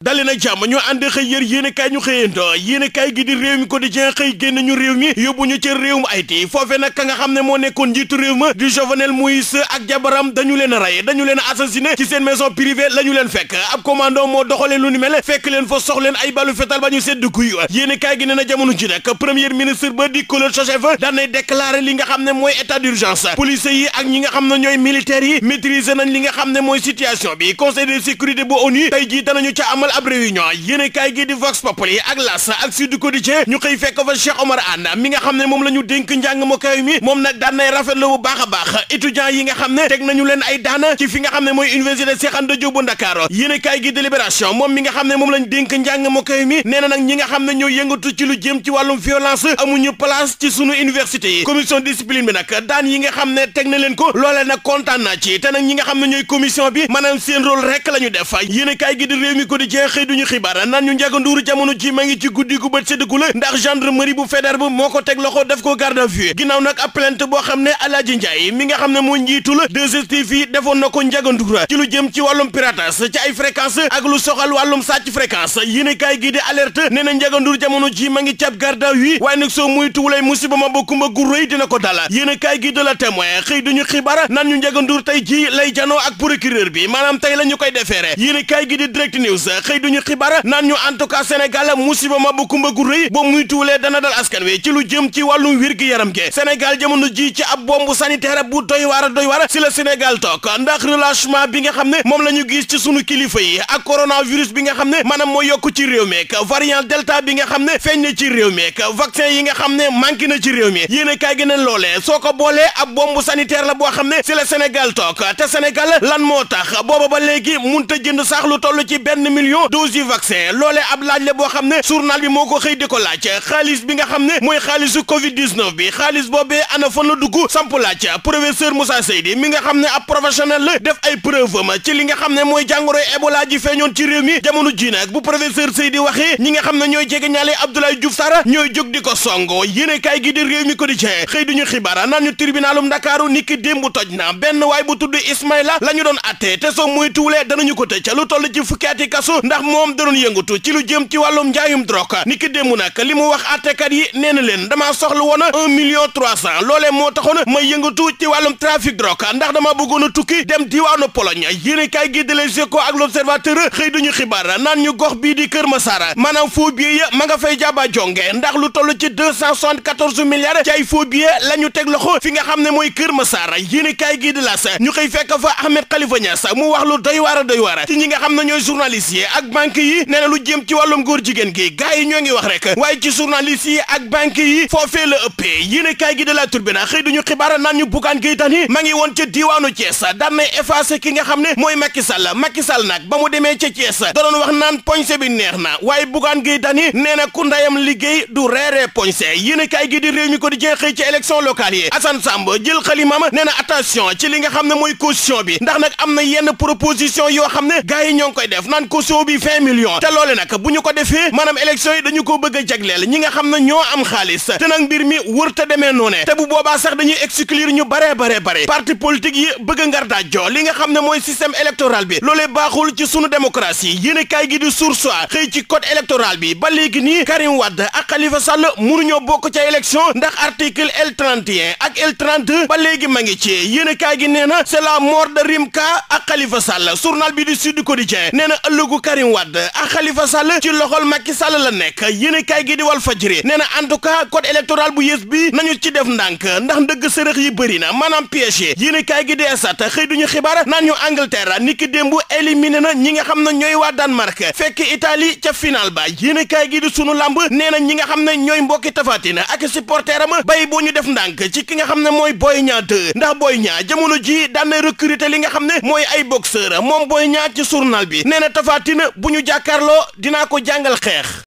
dali na jàmm ñu ànd xëy yër yéenekaay ñu xëyanto yéenekaay gi di réew mi quotidien xëy génn ñu réew mi yóbbu ñu ci réewum Haïti foofe nag ka nga xam ne moo nekkoon njiitu réew ma di Jovenel Moïse ak jabaram dañu leen rey dañu leen assassiné ci seen maison privée la ñu leen fekk ab commando moo doxalee mel fekk leen fa sox leen ay balu fetal ba ñu sedd guy yéenekaay gi nee na jamono ji nag premier ministre ba di Claude Joseph daan li ne mooy état d'urgence police yi ñooy militaires yi maîtriser nañ li nga xam ne mooy situation bi conseil de amal ab réunion yéene kaay gi di Vox Populi ak L'As ak Sud Quotidien ñu xëy fekk fa Cheikh Omar Anne mi nga xam ne moom la ñu dénk njàng mu kaw mi moom nag daan nay rafetlu baax a baax étudiants yi nga xam ne teg nañu leen ay daana ci fi nga xam ne mooy université Cheikh Anta bu Ndakaaru yéene kaay gi di Libération moom mi nga xam ne moom la ñu dénk njàng mu kaw mi nee na nag ñi nga xam ne ñoo yëngatu ci lu jëm ci wàllum violence amuñu place ci sunu université yi commission discipline yi nga xam ne teg na leen ko loolee nag kontaan naa ci te nag bi maanaam seen rôle quotidien xëy duñu xibaar naan ñu Ndiaga jamono ji ma ngi ci guddi gu bët séddikula ndax gendarmerie bu Faidherbe bu moo ko teg loxo def ko garde à vue ginnaaw nag ab plainte boo xam ne Alaaji Ndiaye mi nga xam ne moo njiitul 2STV defoon na ko Ndiaga Ndour ci lu jëm ci wàllum piratage ci ay fréquence ak lu soxal wàllum sàcc fréquence yéen kaay gi di alerte nee na Ndiaga jamono ji ma ngi cab garde à vue waaye nag soo muy tuwulay musiba ma ba kumba gu rëy dina ko dala yéen kaay gi de la témoin xëy duñu xibaar naan ñu Ndiaga tey ji lay janoo ak procureur bi maanaam tey la ñu koy defeere yéen kaay gi di direct news xëy duñu xibaar naan ñu en tout cas Sénégal musiba ma bu kumba gu rëy ba muy tuulee dana dal askan wi ci lu jëm ci wàllum wér yaram gi Sénégal jamono ji ci ab bombu sanitaire bu doy waar doy waar si la Sénégal toog ndax relâchement bi nga xam ne moom la ñu gis ci sunu kilifa yi ak coronavirus bi nga xam ne maanaam mooy yokk ci réew meek variant delta bi nga xam ne feeñ na ci réew meek vaccin yi nga xam ne manqué na ci réew mi yéen a kaay gi ne loolee soo ko boolee ab bombu sanitaire la boo xam ne si la te Sénégal lan moo tax booba ba léegi munta jënd sax lu toll ci benn million millions doses yu vaccin loolee ab laaj la boo xam ne journal bi moo ko xëy di ko laaj xaalis bi nga xam ne mooy xaalisu Covid bi xaalis boobee ana fan la dugg samp laaj professeur Moussa Seydi mi nga xam ne ab professionnel la def ay preuve am ci li nga xam ne mooy jàngoro Ebola ji feeñoon ci réew mi jamono ji nag bu professeur Seydi waxee ñi nga xam ne ñooy jege ñaale Abdoulaye Diouf Sarr ñooy jóg di ko songo yéene kaay gi di réew mi quotidien xëy duñu xibaar naan ñu tribunalum Ndakaaru niki démb bu na benn waay bu tudd la ñu doon attee te soo muy tuulee danañu ko tëj lu toll ci ndax moom da doon yëngatu ci lu jëm ci wàllum njaayum drogue ni ki démb nag li mu wax àttekat yi nee na leen damaa soxla woon un million trois cent loolee moo taxoon ma yëngatu ci wàllum trafic drogue ndax dama bëggoon a tukki dem diwaanu Pologne yéen kay gi de Les Échos ak L'Observateur xëy duñu xibaar naan ñu gox bii di Kër Masar maanaam faux billets ya ma nga fay jàba jonge ndax lu toll ci deux cent soixante-quatorze milliards ci ay faux billets la ñu teg loxo fi nga xam ne mooy Kër Masar yéen gi de L'As ñu xëy fekk fa Ahmed Khalifa Niass mu nga xam ne ñooy journaliste yi ak banque yi nee na lu jëm ci wàllum góor jigéen gi gars yi ñoo ngi wax rek ci journaliste ak banque yi foofee la ëppee yéen kaay gi de la turbina xëy duñu xibaar naan ñu Bougane Gueye Dany ma ngi woon ca diiwaanu Thiès na effacé ki nga xam ne mooy Macky Sall Macky nag ba demee ca Thiès wax naan poñse bi neex na waaye Bougane Gueye Dany nee liggéey du reeree poñse yéen kaay gi di réew mi ko di jeexee ci élection locale yi Assane Samb jël xalimam xam ne mooy caution bi ndax nag am na yoo xam ne gars yi ñoo koy def naan bi vingt millions te loole nag bu ñu ko defee maanaam élection yi dañu ko bëgg a jagleel ñi nga xam ne ñoo am xaalis te nag mbir mi wër te demee noone te bu boobaa sax dañuy exclure ñu baree baree bare parti politique yi bëgg a ngar daajjoo li nga xam ne mooy système électoral bi loolee baaxul ci sunu démocratie yéen kaay gi di Source A xëy ci code électoral bi ba léegi nii Karim Wade ak Khalifa Sall mënuñoo bokk ca élection ndax article L31 ak L32 léegi ma ngi ci yéen kaay gi nee na c'est la mort de Rimka ak Khalifa Sall journal bi di Sud Quotidien Karim Wade ak Khalifa Sall ci loxol Macky Sall la nekk yéen kaay gi di Walf Fadjri nee na en tout cas bu yées bi nañu ci def ndànk ndax ndëgg sërëx yi bëri na maanaam piège yi yéen gi di Esat xëy duñu xibaar naan ñu Angleterre niki démb éliminé na ñi nga xam ne ñooy waa Danemark fekk Italie ca final ba yéen kaay gi di sunu lamb nee na ñi nga xam ne ñooy mbokki tafatina ak supporteram bay boo ñu def ndànk ci ki nga xam ne mooy Boy Niang 2 ndax Boy Niang jamono ji daan li nga xam ne mooy ay boxeur moom Boy Niang ci journal bi nee na bu ñu jàkkaarloo dinaa ko jàngal xeex